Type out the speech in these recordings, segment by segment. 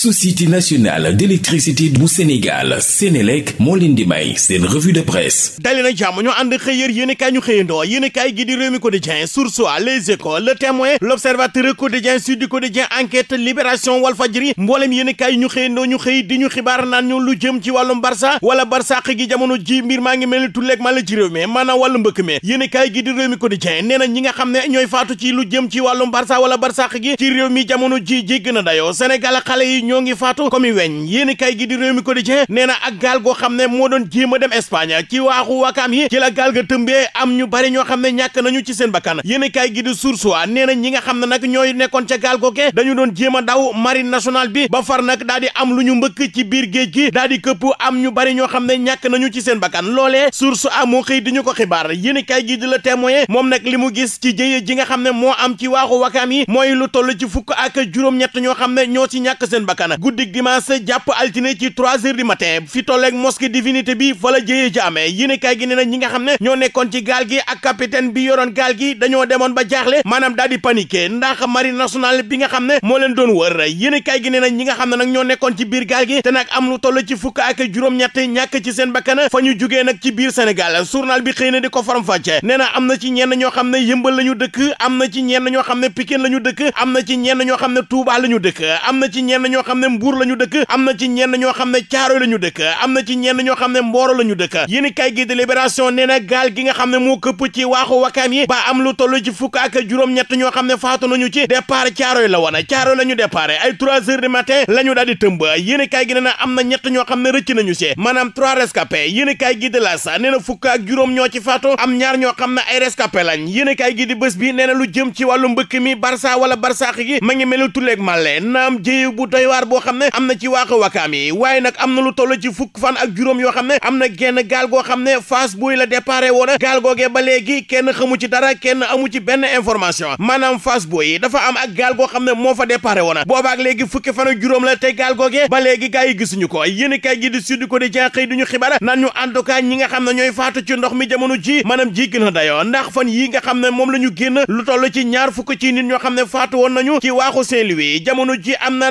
société nationale d'électricité bu Sénégal Sénélec moo leen di may seen revue de presse dali na jàmm ñu ànd xëy yër yéen kaay ñu xëyandoo yéen i kaay gi di Rewmi Quotidien Source A Les Échos Le Témoin L'Observateur Quotidien Sud Quotidien Enquête Libération Walfadjri mbooleem yéen i kaay ñu xëyandoo ñu xëy di ñu xibaar naan ñu lu jëm ci wàllum Barça wala Barça gi jamono ji mbir maa ngi mel ni tulleeg maa la ci réew mi maanaam wàllu mbëkk mi yéen gi di Rewmi Quotidien nee na nga xam ne ñooy faatu ci lu jëm ci wàllum Barça wala Barça gi ci réew mi jamono ji ji gën a dayoo ñoo ngi faatu comme i weñ yéen kay gi di réew mi quotidien nee na ak gaal goo xam ne moo doon jéem dem Espagne ci waaxu wakaam yi ci la gaal ga tëmbee am ñu bari ñoo xam ne ñàkk nañu ci seen bakkan yéen kay gi di source nee na ñi nga xam ne nag ñooy nekkoon ca gaal doon jéem a daw marine nationale bi ba far nag daal di am lu ñu mbëkk ci biir géej gi daal di këpp am ñu bari ñoo xam ne ñàkk nañu ci seen bakkan loolee source a moo xëy di ñu ko xibaar yéen kay gi di la témoin moom nag li mu gis ci jëye ji nga xam ne moo am ci waaxu wakaam yi mooy lu toll ci fukk ak juróom-ñett ñoo xam ne ñoo ci ñàkk seen bakkan Kana guddik dimanche jàpp altine ci trois heures du matin fi tolleeg mosquée divinité bi fa la jëyee ji amee gi ne na ñi nga xam ne ñoo nekkoon ci gaal gi ak capitaine bi yoroon gaal gi dañoo demoon ba jaaxle maanaam daal di paniqué ndax marine nationale bi nga xam ne moo leen doon wër yéen kaay gi ne na ñi nga xam ne nag ñoo nekkoon ci biir gaal gi te nag am lu toll ci fukk juróom-ñett ñàkk ci seen bakkan fa ñu jugee nag ci biir Sénégal journal bi xëy na di ko faram fàcce nee na am na ci ñenn ñoo xam ne yëmbal la ñu dëkk am na ci ñenn ñoo xam ne Pikine la ñu dëkk am na ci ñenn ñoo xam ne Touba la ñu dëkk am na ci ñoo xam ne mbuur la ñu dëkk am na ci ñenn ñoo xam ne caaro la ñu dëkk na ci ñenn ñoo xam ne mbooro la ñu dëkk yéen kay gi de libération nee na gaal gi nga xam ne moo këpp ci waaxu wakaam yi ba am lu toll ci fukk ak juróom-ñett ñoo xam ne faatu nañu ci départ caaro la woon caaro la ñu départ ay trois heures du matin la ñu daal kay gi nee na am ñoo xam ne rëcc nañu ci maanaam trois rescapés yéen kay gi de la sa nee na fukk ak juróom ñoo ci faatu am ñaar ñoo xam ne ay rescapé lañ yéen kay gi di bés bi nee na lu jëm ci wàllu mbëkk mi barça wala barsax gi ma ngi melu tuleeg màlle naam jéyu bu doy xibaar boo xam ne am na ci waax wakaam yi waaye nag am na lu toll ci fukk fan ak juróom yoo xam ne am na genn gaal goo xam ne Fass buy la kenn xamu ci dara kenn amu ci benn information maanaam Fass dafa am ak gaal goo xam ne moo fa déparé woon boobaak léegi fukki fan ak juróom la te gaal googee ba léegi gaa gisuñu ko yéen kay gi di suddi ko di jaaxëy duñu xibaar nan ñu en ñi nga xam ne ñooy faatu ci ndox mi jamono ji maanaam ji gën a dayoo ndax fan yi nga xam ne moom la ñu génn lu toll ci ñaar fukk ci nit ñoo xam ne faatu woon nañu ci waaxu Saint-Louis jamono ji am na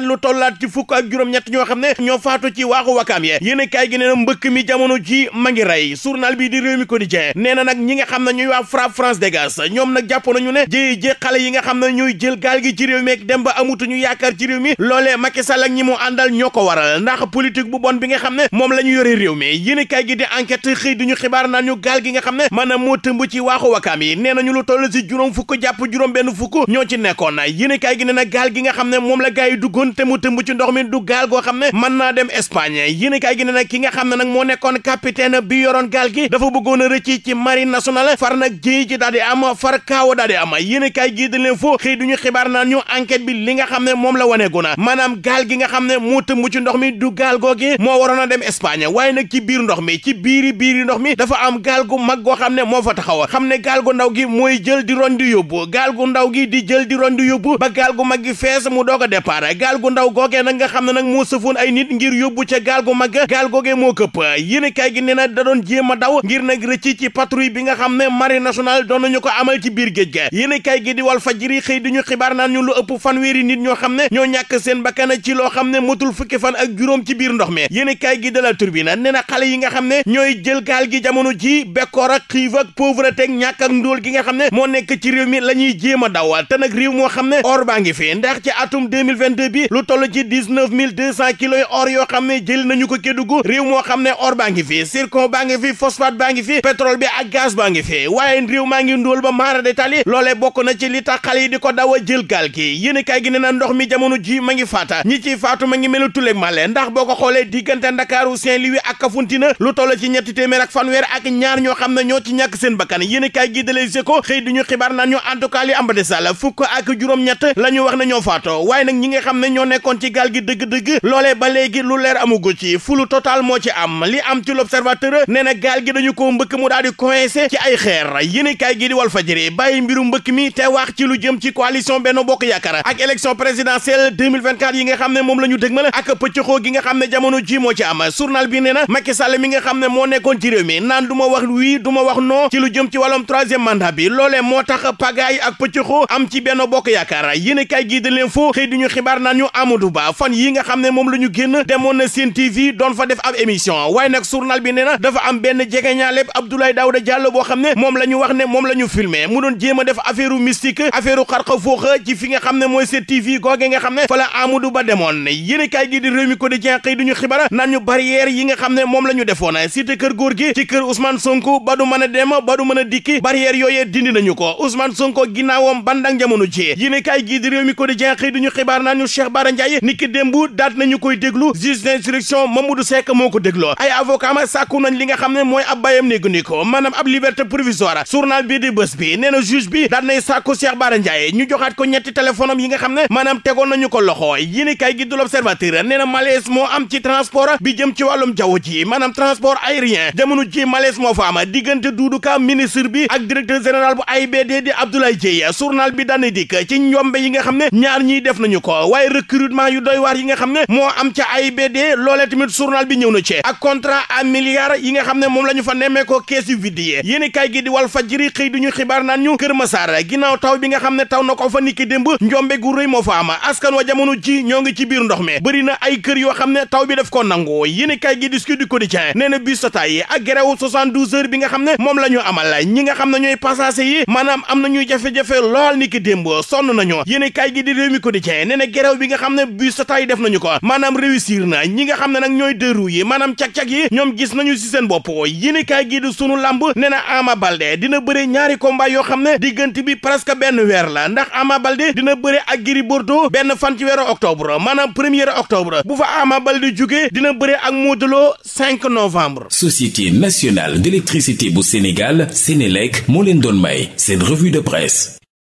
ci fukk ak juróom-ñett ñoo xam ne ñoo faatu ci waaxu wakaam ye yéen kaay gi nee na mbëkk mi jamono ji ma ngi rey journal bi di réew mi quotidien nee na nag ñi nga xam ne ñuy waa FRAPP France Dégage ñoom nag jàpp nañu ne ji ji xale yi nga xam ne ñooy jël gaal gi ci réew mi ak dem ba amutuñu yaakaar ci réew mi loolee Macky Sall ak ñi mu àndal ñoo ko waral ndax politique bu bon bi nga xam ne moom la ñu yore réew mi yéen kaay gi di enquête xëy di ñu xibaar naan ñu gaal moo tëmb ci waaxu wakaam yi nee nañu lu toll si juróom ñoo nekkoon yéen kaay gi na gaal ne moom la gaay duggoon ci ndox mi du gaal goo xam ne mën naa dem Espagne yéen kaay gi ne nag ki nga xam ne nag moo nekkoon capitaine bi yoroon gaal gi dafa bëggoon a rëcc ci marine nationale far na jéey ci daal di am far kaawa daal di am yéen kaay gi dañ leen foo xëy duñu xibaar naa ñu enquête bi li nga xam ne moom la waneegu na maanaam gaal gi nga xam ne moo tëmb ci ndox mi du gaal gi moo waroon a dem Espagne waaye nag ci biir ndox mi ci biiri biiri ndox mi dafa am gaal gu mag goo xam ne moo fa taxaw xam ne gaal gu ndaw gi mooy jël di ron di yóbbu gaal gu ndaw gi di jël di ron di yóbbu ba gaal gu mag gi fees mu doog a gaal gu ndaw googee nag nga xam ne nag moo sëfoon ay nit ngir yóbbu ca gaal gu mag gaal googee moo këpp yéene gi nee na da doon a daw ngir nag rëcc ci patrouille bi nga xam ne marine nationale doon nañu ko amal ci biir géej ga yéene kaay gi di wal fajiri xëy di ñu xibaar naan ñu lu ëpp fanweeri nit ñoo xam ne ñoo ñàkk seen bakkan ci loo xam ne motul fukki fan ak juróom ci biir ndox mi yéene kaay gi de la na nee na xale yi nga xam ne ñooy jël gaal gi jamono ji bekkoor ak xiif ak pauvreté ak ñàkk ak ndóol gi nga xam ne moo nekk ci réew mi la ñuy jéem a daw te nag réew moo xam ne or baa ngi fi ndax ci atum 2022 bi ci dix-neuf mille deux yi or yoo xam ne jël nañu ko Kédougou réew moo xam ne or baa ngi fi zircon baa ngi fi phosphate baa ngi fi pétrole bi ak gaz baa ngi fi waaye réew maa ngi ndóol ba maara détail yi bokk na ci li tax xale di ko daw a jël gaal gi yéen kaay gi ne na ndox mi jamono ji ma ngi faata ñi ciy faatu ma ngi melu lu toll ci ñetti téeméer ak fanweer ak ñaar ñoo li ambadesal fukk ak juróom-ñett la ñu wax ne ñoo faatoo waaye nag ñi nga ci gaal gi dëgg-dëgg loolee ba léegi lu leer amugu ci fulu total moo ci am li am ci l'observateur nee gaal gi dañu ko mbëkk mu daal di ci ay xeer yéen kaay gi di wal fajëre bàyyi mbiru mbëkk mi te wax ci lu jëm ci coalition Benno Bokk Yaakaar ak élection présidentielle 2024 yi nga xam ne moom la ñu dëgmal ak pëccëxoo gi nga xam ne jamono ji moo ci am journal bi nee na Macky mi nga xam ne moo nekkoon ci mi naan du wax oui du wax non ci ba fan yi nga xam ne moom la ñu génn demoon na seen TV doon fa def ab émission waaye nag journal bi nee na dafa am benn jegeñaaleeb Abdoulaye Daouda Diallo boo xam ne moom la ñu wax ne moom la ñu filmé mu doon jéem def affaire mystique affaire xarxa fooxa ci fi nga xam ne mooy seen TV googe nga xam ne fa la Amadou Ba demoon yéen kaay gi di Rewmi Quotidien xëy duñu ñu xibaar naan ñu barrière yi nga xam ne moom la ñu defoon cité kër góor gi ci kër Ousmane Sonko ba du mën dem ba du mën a dikki barrière yooyee dindi nañu ko Ousmane Sonko ginnaawam bandang jamono ji yéen kaay gi di Rewmi Quotidien xëy du ñu xibaar naan ñu Cheikh Bara Ndiaye niki démb daat nañu koy déglu juge d'instruction Mamadou Seck moo ko dégloo ay avocat ma sàkku nañ li nga xam ne mooy ab bayam néegu ni ko maanaam ab liberté provisoire journal bi di bés bi nee na juge bi daat nay sàkku Cheikh Bara Ndiaye ñu joxaat ko ñetti téléphone yi nga xam ne maanaam tegoon nañu ko loxo yi ni kay gi du l'observateur nee na malaise moo am ci transport bi jëm ci wàllum jaww ji maanaam transport aérien jamono ji malaise moo fa am diggante Doudou Ka ministre bi ak directeur général bu AIBD di Abdoulaye Dièye journal bi daanay dikk ci njombe yi nga xam ne ñaar ñiy def nañu ko yu doy waar yi nga xam ne na ci ak contrat à milliards yi nga moom la ñu fa nemmee ko kees yu vide yi yéen kay gi di Walf Fadjri xibaar naan ñu Kër Massar ginnaaw taw bi nga xam ne taw na ko fa niki démb njombe gu rëy moo fa am askan wa jamono ji ñoo ngi ci ndox mi bëri ay kër yoo xam ne taw bi daf ko nangu yéen kay gi di Sud Quotidien nee na bus Tata yi ak grève 72 heures bi nga xam ne moom la ñu amal ñi nga xam ne ñooy passager yi maanaam am na ñuy jafe-jafe na grève yu sa tay def nañu ko maanaam réussir na ñi nga xam ne nag ñooy dëru yi maanaam cag-cag yi ñoom gis nañu si seen bopp yéene kaay gi di sunu lamb nee na Ama Baldé dina bëre ñaari combat yoo xam ne diggante bi presque benn weer la ndax Ama Baldé dina bëre ak Gris Bordeaux benn fan ci weeru octobre maanaam premier octobre bu fa Ama Baldé jógee dina bëre ak Modou Lo 5 novembre. Société nationale d'électricité bu Sénégal Sénélec moo leen doon may seen revue de presse.